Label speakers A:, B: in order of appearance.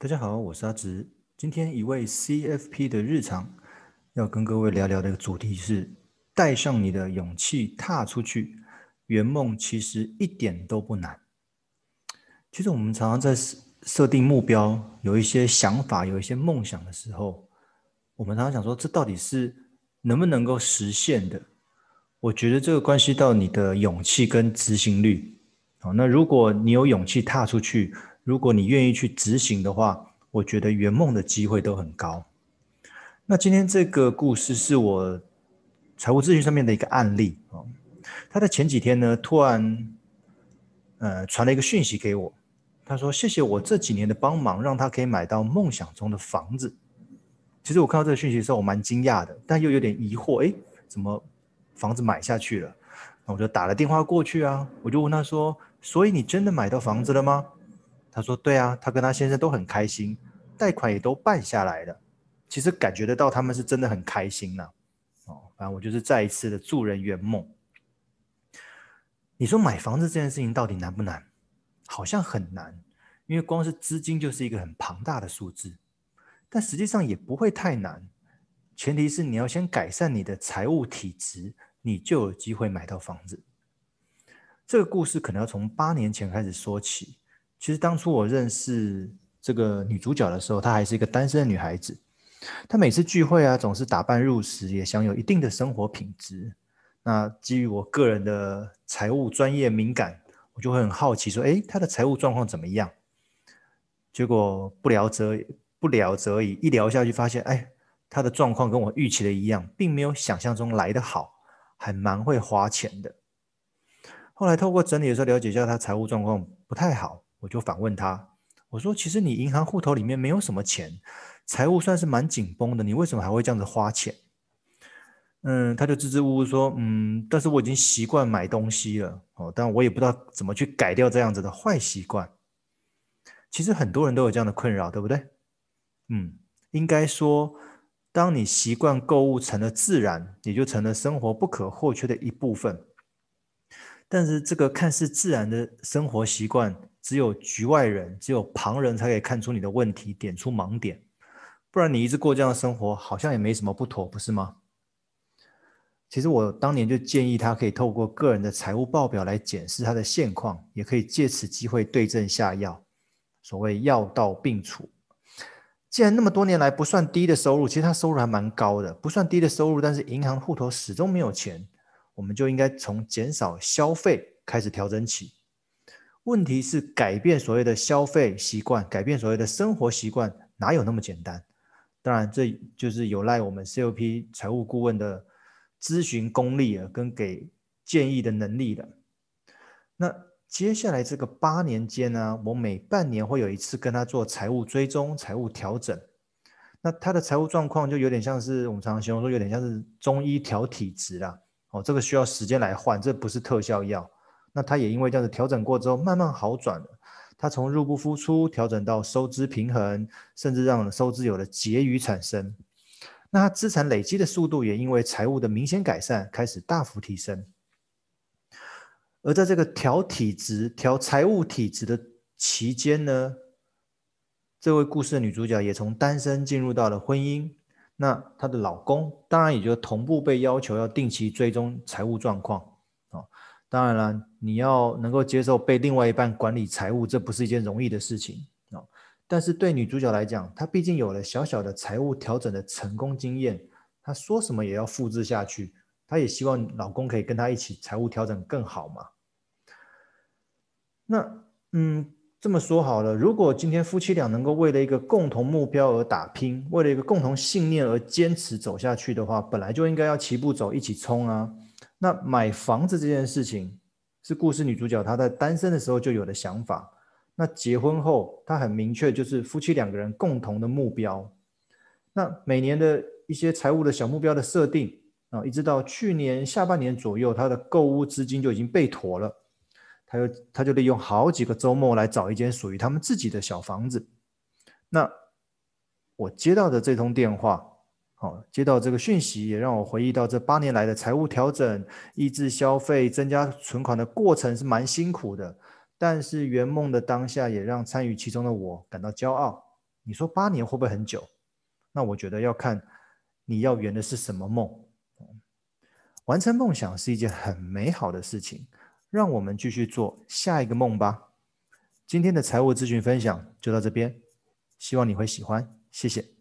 A: 大家好，我是阿直。今天一位 CFP 的日常，要跟各位聊聊的主題是：帶上你的勇氣，踏出去，圓夢其實一點都不難。其實我們常常在設定目標，有一些想法，有一些夢想的時候，我們常常想說，這到底是能不能夠實現的？我覺得這個關係到你的勇氣跟執行力。好，那如果你有勇氣踏出去，如果你願意去執行的話，我覺得圓夢的機會都很高。那今天這個故事是我財務諮詢上面的一個案例啊，哦。他在前幾天呢，突然呃傳了一個訊息給我，他說：“謝謝我這幾年的幫忙，讓他可以買到夢想中的房子。”其實我看到這個訊息的時候，我蠻驚訝的，但又有點疑惑。哎，怎麼房子買下去了？那我就打了電話過去啊，我就問他說：“所以你真的買到房子了嗎？”他說：“對啊，他跟他先生都很開心，貸款也都辦下來了。其實感覺得到，他們是真的很開心呢啊。哦，反正我就是再一次的助人圓夢。你說買房子這件事情到底難不難？好像很難，因為光是資金就是一個很龐大的數字。但實際上也不會太難，前提是你要先改善你的財務體質，你就有機會買到房子。這個故事可能要從八年前開始說起。”其實當初我認識這個女主角的時候，她還是一個單身的女孩子。她每次聚會啊，總是打扮入時，也享有一定的生活品質。那基於我個人的財務專業敏感，我就會很好奇說：“哎，她的財務狀況怎麼樣？”結果不聊則不聊則已，一聊下去發現，哎，她的狀況跟我預期的一樣，並沒有想象中來得好，還蠻會花錢的。後來透過整理的時候，了解一下她財務狀況不太好。我就反問他，我說：“其實你銀行戶頭裡面沒有什麼錢，財務算是蠻緊繃的，你為什麼還會這樣子花錢？”嗯，他就支支吾吾說：“嗯，但是我已經習慣買東西了哦，但我也不知道怎麼去改掉這樣子的壞習慣。”其實很多人都有這樣的困擾，對不對？嗯，應該說，當你習慣購物成了自然，也就成了生活不可或缺的一部分。但是這個看似自然的生活習慣，只有局外人，只有旁人才可以看出你的問題，點出盲點，不然你一直過這樣的生活，好像也沒什麼不妥，不是嗎？其實我當年就建議他，可以透過個人的財務報表來檢視他的現況，也可以借此機會對症下藥，所謂藥到病除。既然那麼多年來不算低的收入，其實他收入還蠻高的，不算低的收入，但是銀行戶頭始終沒有錢，我們就應該從減少消費開始調整起。問題是改變所謂的消費習慣，改變所謂的生活習慣，哪有那麼簡單？當然，這就是有賴我們 CFP 財務顧問的諮詢功力啊，跟給建議的能力的。那接下來這個八年間呢、啊，我每半年會有一次跟他做財務追蹤、財務調整。那他的財務狀況就有點像是我們常常形容說，有點像是中醫調體質啦。哦，這個需要時間來換，這不是特效藥。那他也因為這樣子調整過之後，慢慢好轉了。他從入不敷出調整到收支平衡，甚至讓收支有了結餘產生。那他資產累積的速度也因為財務的明顯改善，開始大幅提升。而在這個調體質、調財務體質的期間呢，這位故事的女主角也從單身進入到了婚姻。那她的老公當然也就同步被要求要定期追蹤財務狀況。當然了，你要能夠接受被另外一半管理財務，這不是一件容易的事情啊。但是對女主角來講，她畢竟有了小小的財務調整的成功經驗，她說什麼也要複製下去。她也希望老公可以跟她一起財務調整更好嘛。那嗯，這麼說好了，如果今天夫妻倆能夠為了一個共同目標而打拼，為了一個共同信念而堅持走下去的話，本來就應該要齊步走，一起衝啊。那買房子這件事情是故事女主角她在單身的時候就有的想法。那結婚後，她很明確，就是夫妻兩個人共同的目標。那每年的一些財務的小目標的設定啊，一直到去年下半年左右，她的購屋資金就已經備妥了。她就她就利用好幾個周末來找一間屬於他們自己的小房子。那我接到的這通電話。好，接到這個訊息，也讓我回憶到這八年來的財務調整、抑制消費、增加存款的過程是蠻辛苦的，但是圓夢的當下也讓參與其中的我感到驕傲。你說八年會不會很久？那我覺得要看你要圓的是什麼夢。完成夢想是一件很美好的事情，讓我們繼續做下一個夢吧。今天的財務資訊分享就到這邊，希望你會喜歡，謝謝。